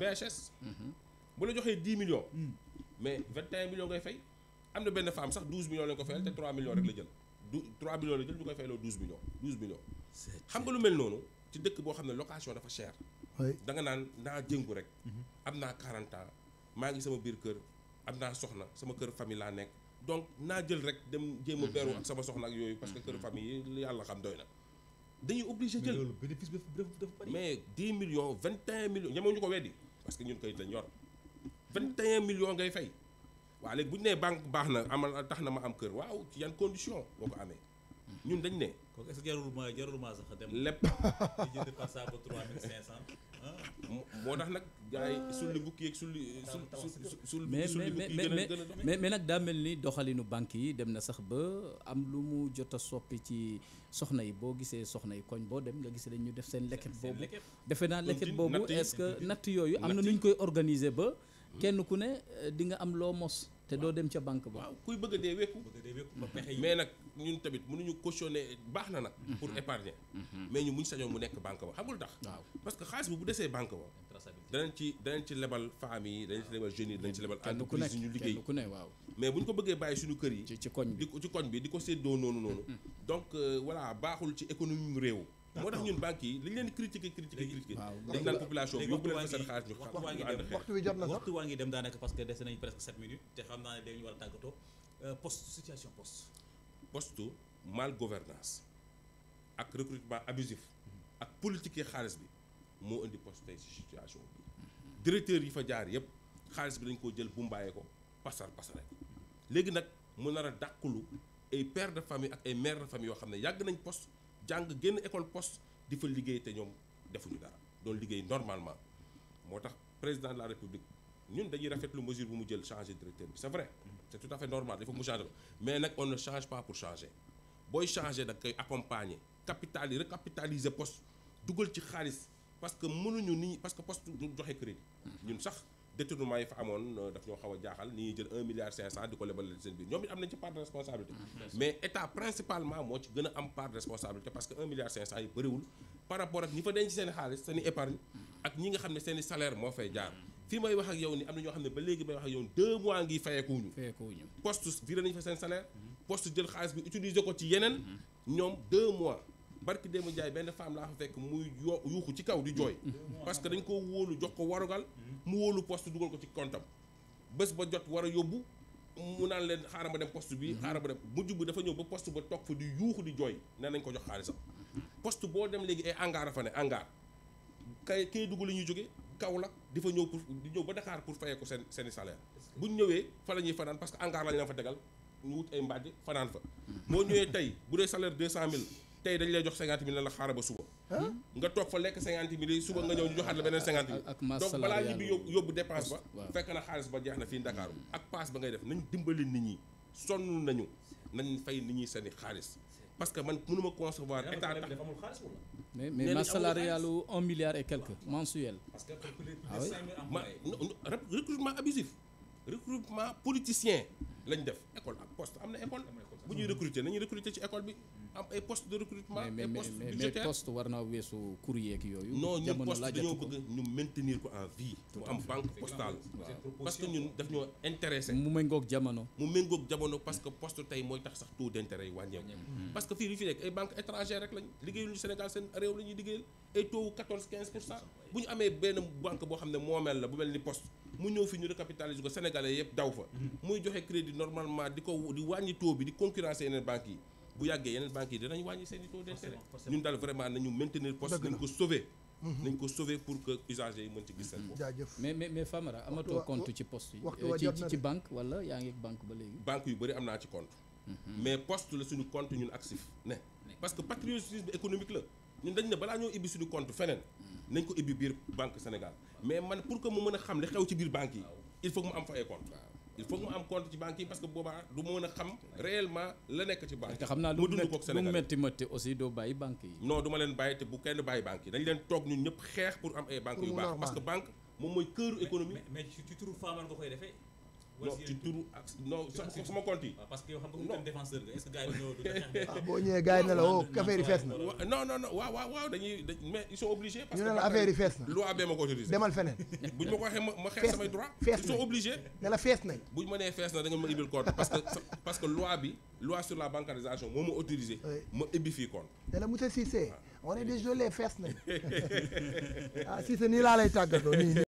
BHS. Mhm. bu la joxee 10 millions. Hmm. mais 21 millions ngay fay. am na benn femme sax 12 millions lañ ko fayal te 3 rek la jël. du 3 millions la jël ñu koy fayloo 12 millions 12 millions. xam nga lu mel noonu ci dëkk boo xam ne location dafa cher. da nga naan naa jëngu rek. Mhm. am naa 40 maa ngi sama biir kër am naa soxna sama kër famille laa nekk. donc naa jël rek dem jéem a mhm. beeru ak sama soxna ak yooyu parce que kër famille yi yàlla xam doy na. dañuy obligé jël mais loolu bénéfice bi dafa dafa bari mais 10 millions 21 millions ko weddi. parce que ñun kayit lañ yor 21 million ngay fay waa léegi bu ñu nee banque baax na amal tax na ma am kër waaw ci yan condition boo ko amee ñun dañ ne. kooku est jarul ma jarul ma sax dem. lépp di jënd par saako 3500. moo tax nag gars yi sulli ah. bukki yeeg sulli eh, sulli mais mais mais nag daa mel ni doxalinu banque yi dem na sax ba am lu mu jot soppi ci soxna yi boo gisee soxna yi koñ boo dem nga gis dañ ñu def seen lekket boobu defe naa lekket boobu est-ce que natt yooyu am na nu ñu koy organiser ba hmm. kenn ku ne eh, di nga am loo mos te doo dem ca banque ba. waaw kuy bëgg dee wekku. mais nag ñun tamit mënuñu cautionner baax na nag. pour mm-hmm. épargner. Mm-hmm. mais ñu muñ sañoon mu nekk banque ba xamul tax. waaw parce que xaalis bi bu desee banque ba. danañ ci danañ ci lebal femmes yi danañ ci lebal jeunes yi danañ ci lebal. entreprise yi ñu liggéey kenn mais bu ñu ko bëggee bàyyi suñu kër yi. ci ci koñ bi di ko ci di ko séddoo noonu noonu. Mm-hmm. donc euh, voilà baaxul ci économie réew. moo tax ñun banques yi li ñu leen critiquer critiquer critiquer dañ naan population bi yóbbu leen seen xaalis ñu xam ñu ànd na sax waa ngi dem daanaka parce que dese nañ presque 7 minutes te xam naa ne dañu war a tàggatoo euh, post situation poste poste mal gouvernance ak recrutement abusif ak politique xaalis bi moo indi poste tey si situation bi directeur yi fa jaar yëpp xaalis bi dañ koo jël bu mbaayee ko pasar pasare léegi nag mu nar a dàqulu ay père de famille ak ay mère de famille yoo xam ne yàgg nañ post jàng génn école poste di fa liggéey te ñoom defuñu dara doon liggéey normalement moo tax président de la république ñun dañuy rafetlu mesure bu mu jël changer directeur bi c'est vrai c'est tout à fait normal il faut mu changer ko mais nag on ne change pas pour changer booy changer da koy accompagner capitaliser recapitaliser dugal ci xaalis parce que mënuñu ni parce que poste du joxe crédit ñun sax détournement yi fa amoon euh, daf ñoo xaw a jaaxal ni ñuy jël 1 milliard 500 di ko lebal seen biir ñoom it am nañ ci part de responsabilité. Mm-hmm. mais état principalement moo ci gën a am part de responsabilité parce que 1 milliard 500 yi bëriwul. par rapport ak ñi fa denc seen xaalis seen i épargne. ak ñi nga xam ne seen i salaire moo fay jaar. Mm-hmm. fii may wax ak yow ni am na ñoo xam ne ba léegi may wax ak yow deux mois ngi fayekuñu. fayekuñu poste viré nañu fa mm-hmm. ci yeneen. ñoom deux mois. barki démb Ndiaye benn femme laa fa fekk muy yo yuuxu ci kaw di jooy. Mm-hmm. parce que dañ ko wóolu jox ko warugal. Mm-hmm. mu wóolu poste dugal ko ci kontam bés ba jot war a yóbbu. mu naan leen xaaral ma dem post bi mm-hmm. xaaral ma dem mujj bi dafa ñëw ba poste ba toog fa di yuuxu di jooy ne nañ ko jox xaalisam post boo dem léegi ay hangar a fa ne hangar kay kay dugg la ñuy jóge la di fa ñëw pour di ñëw ba Dakar pour fayee ko seen seen i salaire buñ ñëwee fa la ñuy fanaan parce que hangar lañ leen fa tegal ñu wut ay fanaan fa boo ñëwee bu dee salaire deux cent mille tey dañ lay jox cinquante mille la xaaral ba suba nga toog fa lekk cinquante mille suba nga ñëw ñu joxaat la beneen cinquante mille xaalis ba sonn nañu nañ fay nit ñi seeni xaalis parce que man mënuma concevoir état tax mais mais masse salariale un milliard et quelques mensuel ah recrutement abusif recrutement politicien lañu def école am poste am na école. bu ñuy recruter nañu recruter ci école bi. am ay poste de recrutement. ay poste budgétaire mais poste war naa weesu courrier ak yooyu. non ñun poste dañoo bëgg ñu maintenir ko en vie. mu am banque postale. parce que daf ñoo intéressé. mu méngoog jamono. mu méngoog jamono parce que poste tey mooy tax sax taux d' intérêt yi wàññeeku. parce que fii li fi nekk ay banque étrangère rek lañ liggéeyuñu Sénégal seen réew la ñuy liggéeyal ay taux 14 15 pour cent bu normalement di ko di wàññi taux bi di concurrencer yeneen banques yi bu yàggee yeneen banques yi dinañ wàññi seen i taux d'intérêt ñun daal vraiment nañu maintenir poste nañ ko sauver mhm. nañ ko sauver pour que usagers yi mën ci gis seen bopp mais mais amatoo compte ci poste yi euh, ci ci banque yaa ngi banque ba léegi banque yu bëri am naa ci compte mhm. mais poste la suñu compte ñun actif ne parce que patriotisme économique la ñun dañ ne balaa ñoo ibbi suñu compte feneen mhm. nañ ko il faut mu am compte ci banque yi parce que boobaa du mën a xam réellement la nekk ci banque te xam naa lu mu metti metti aussi doo bàyyi banque yi non du leen bàyyi te bu kenn bàyyi banque yi dañ leen toog ñun ñëpp xeex pour am ay banque yu baax parce que banque moom mooy këru économie mais ci turu faamal nga koy defee non ci turu ak non ah, que yow xam nga défenseur nga est ce que gars yi ñoo du ah, boo ñëwee gars yi ne la oh, affaire yi fees na. non non non waaw waaw waaw dañuy ñu ne la affaire yi fees na. loi bee ma ko autorisé. demal fees nañ. buñ ma nee fees na da ma ibil compte parce que parce que loi bi loi sur la bancarisation moo ma autorisé. ma ibbi fii compte. ne la monsieur Cissé ah. on est désolé fees nañ ah Cissé nii laa lay tàggatoo nii.